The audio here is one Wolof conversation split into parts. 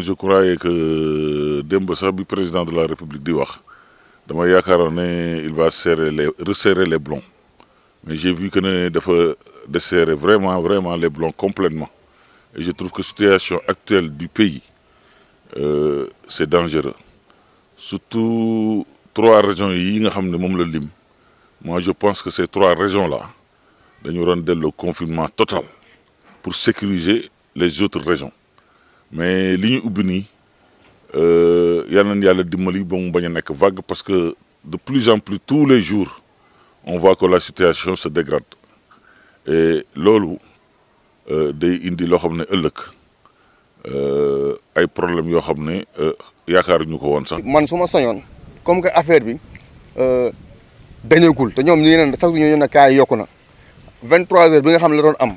je croyais que le sax président de la république di wax dama il va resserrer les Blancs. mais j'ai vu que ne dafa desserrer vraiment vraiment les Blancs complètement et je trouve que situation actuelle du pays euh, c'est dangereux surtout trois régions yi nga xam ne la lim moi je pense que ces trois régions là dañu waroon le confinement total pour sécuriser les autres régions mais li ñu ubbi nii euh, yal nañu yàlla dimbali ba mu bañ a vague parce que de plus en plus tous les jours on voit que la situation se dégrade et loolu euh, day indi lo xamné ne euh ay problèmes yo xamné ne euh, yaakaaruñu ko won sax. man suma ma comme que affaire bi dañagul te ñom ñu ngi sax ñu ñëna kay yokuna na 23 heures bi nga xam la doon am.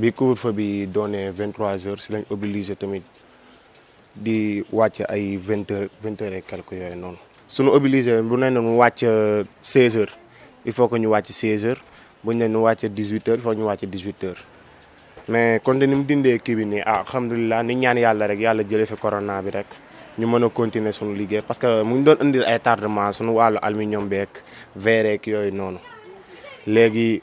bi couvre-feu bi doonee vingt trois heures si lañ obligé tamit di wàcc ay vingt heures vingt heures et quelques yooyu noonu. suñu obligé bu ne noonu wàcc seize heures il faut que ñu wàcc seize heures bu ñu ne ñu wàcc dix huit heures il faut ñu wàcc dix huit heures. mais kon ni mu dindee kii bi nii ah alhamdulilah ni ñaan yàlla rek yàlla jële fi corona bi rek ñu mën a continuer suñu liggéey parce que mu ngi doon indil ay tardement suñu wàllu aluminium beek verre ak yooyu noonu léegi.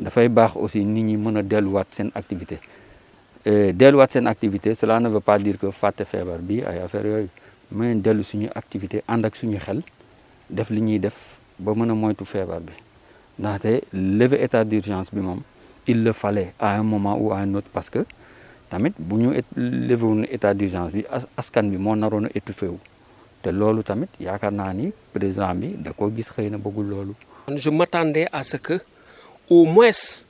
dafay bax aussi nit ñi mëna a delluwaat seen activité euh, delluwaat seen activité cela ne veut pas dire que fàtte feebar bi ay affaire yooyu mais dellu suñu activité ànd ak suñu xel def li ñuy def ba mëna moytu feebar bi ndaxte lever état d'urgence bi moom il le fallait à un moment ou à un autre parce que tamit bu ñu lever woon état d'urgence bi askan bi moo naroon a étouffé wu te loolu tamit yaakaar naa ni président bi da ko gis xëy na bëggul loolu. je m'attendais à ce que. au moins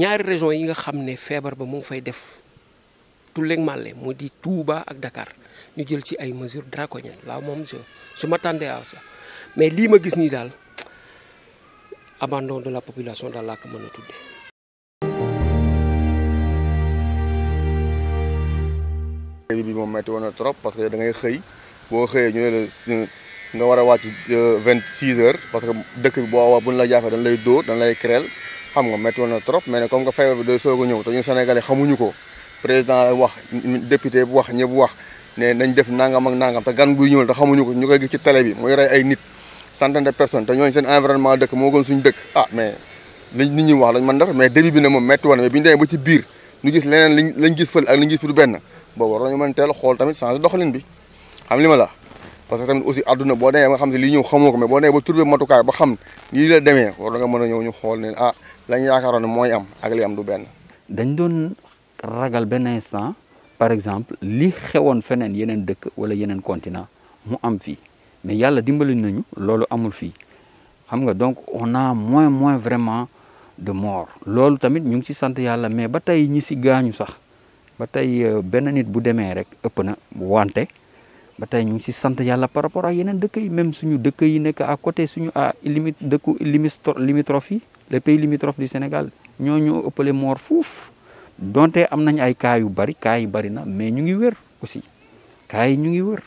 ñaari région yi nga xam ne feebar ba mu ngi fay def tulleeg màlle mu di Touba ak dakaar ñu jël ci ay mesures draconiennes là moom je je m'attendais à ça mais lii ma gis nii daal abandon de la population daal la ko mën a tuddee. bi bi moom metti woon na trop parce que da ngay xëy boo xëyee ñu ne la nga war a wàcc euh, vingt six heures parce que dëkk bi boo waa bu ñu la jaafee dañ lay dóor dañ lay kreel xam nga métti woon na trop mais ne comme que feebar bi day soog a ñëw te ñun sénégalais xamuñu ko président wax député bu wax ñëpp wax ne nañ def nangam ak nangam te gan buy ñëw te xamuñu ko ñu koy gis ci télé bi muy rey ay nit centaine de personnes te ñooñu seen environnement dëkk moo gën suñu dëkk ah mais liñ nit ñi wax lañ mën def mais début bi ne moom métti woon mais bi ñu demee ba ci biir ñu gis leneen liñ lañ gis fël ak liñ gis du benn boobu war nañu mën teel xool tamit changé doxalin bi xam li ma la parce que tamit aussi àdduna boo demee ba nga xam ne lii ñëw xamoo ko mais boo demee ba turbe matukaay ba xam lii la demee war nga mën a ñëw ñu xool ne ah lañ yaakaaroon mooy am ak li am du benn. dañ doon ragal benn instant par exemple li xewoon feneen yeneen dëkk wala yeneen continent mu am fii mais yàlla dimbali nañu loolu amul fii xam nga donc on a moins moins vraiment de mort loolu tamit ñu ngi ci sant yàlla mais ba tey ñi si gaañu sax ba tey euh, benn nit bu demee rek ëpp na wante ba tey ñu ngi ci sant yàlla par rapport ak yeneen dëkk yi même suñu dëkk yi nekk à côté suñu à limite dëkku limitrophe fii les pays limitrophes du Sénégal ñoo ñoo ëppale moor donte am nañ ay cas yu bari cas yu bari na mais ñu ngi wër aussi cas ñu ngi wër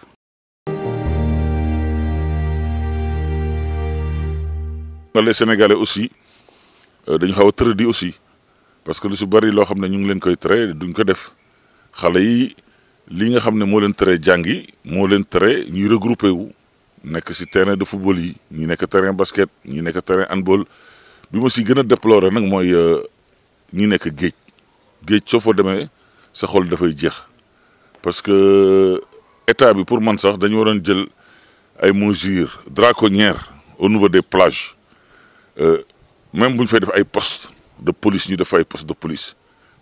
les sénégalais aussi euh, dañu xaw a aussi parce que lu su bari lo xam ñu ngi leen koy tere duñ ko def xalé yi li nga xam mo leen jangi mo leen ñu regrouper wu nek si terrain de football yi ñi nek terrain basket ñi nek terrain handball bi ma si gëna déplorer nak moy euh, ñi nekk géej géej soo fa demee sa xol fay jeex parce que euh, état bi pour man sax dañu waron jël ay mesures draconiennes au niveau des plages euh, même bu fay def ay poste de police ñu def ay poste de police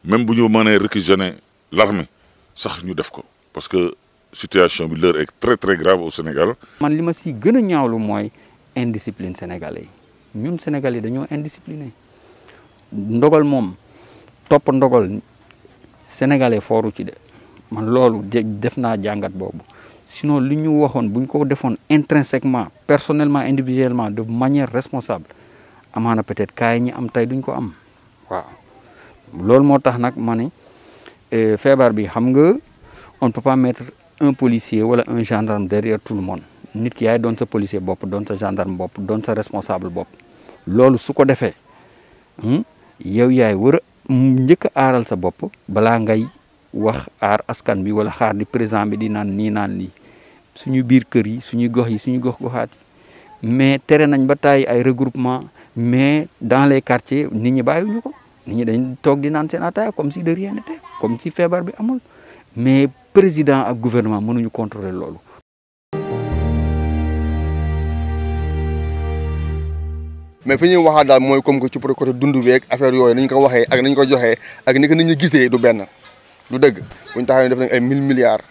même buñu mëne mënee réquisitionner l'armée sax ñu def ko parce que situation bi l'heure est très très grave au Sénégal. man li ma si gëna a ñaawlu moy indiscipline sénégalais ñun sénégalais dañoo indiscipliné ndogal mom top ndogal sénégalais foru ci dé man loolu def naa jàngat boobu sinon li ñu waxoon buñ ko defoon intrinsèquement personnellement individuellement de manière responsable amana peut être kay ñi am tay duñ ko am waaw lool moo tax nag ma ne euh, feebar bi xam nga on peut pas mettre un policier wala un gendarme derrière tout le monde nit ki yaay doon sa policier bopp doon sa gendarme bopp doon sa responsable bopp loolu su ko defee hmm, yow yaay war a njëkk aaral sa bopp balaa ngay wax aar askan bi wala xaar di président bi di naan nii naan lii suñu biir kër yi suñu gox yi suñu gox goxaat mais tere nañ ba tàyyi ay regroupement mais dans les quartiers nit ñi bàyyiwuñu ko nit dañ toog di naan seen ataaya comme si de rien n'était comme si feebar bi amul mais président ak gouvernement mënuñu contrôler loolu mais fi ñuy waxaat daal mooy comme que ci côté dund beeg affaire yooyu nañ ko waxee ak nañ ko joxee ak ni ko nit gisee du benn du dëgg buñ taxawee def nañ ay mille milliards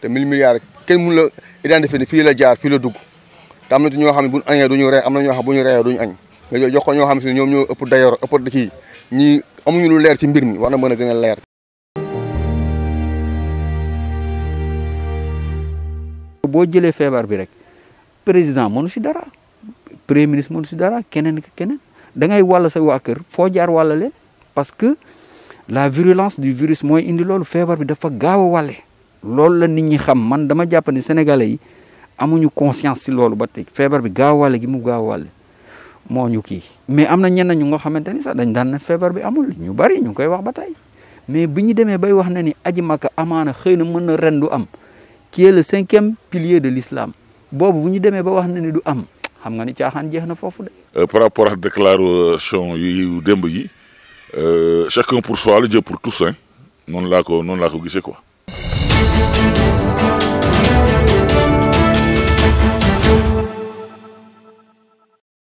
te mille milliards kenn mun la identifier ni fii la jaar fii la dugg te am na ci ñoo xam ne buñ añee duñu ree am na ñoo ñu reeyee duñu añ jox ko ñoo xam ne ñoom ñoo ëpp dayor ëpp kii ñii amuñu lu leer ci mbir mi war na mën a gën a leer boo jëlee feebar bi rek président mënu si dara premier ministre mon ci dara keneen ak keneen da ngay wala sa wa keur fo jaar wala leen parce que la virulence du virus moy indi lolou feebar bi dafa gawa walé lolou la nit ñi xam man dama japp ni sénégalais yi amuñu conscience ci lolou ba tey feebar bi gawa walé gi mu gawa walé moñu ki mais amna ñen ñu nga xamanteni sax dañ dan ne bi amul ñu bari ñu koy wax ba tay mais biñu démé bay wax na ni aji maka amana xeyna na rendu am qui est le 5e pilier de l'islam bobu buñu démé ba wax na ni du am xam nga ni caaxaan jeex na foofu de. Euh, par rapport ak déclaration yu démb yi euh, chacun pour soi le Dieu pour tous hein noonu laa ko noonu laa ko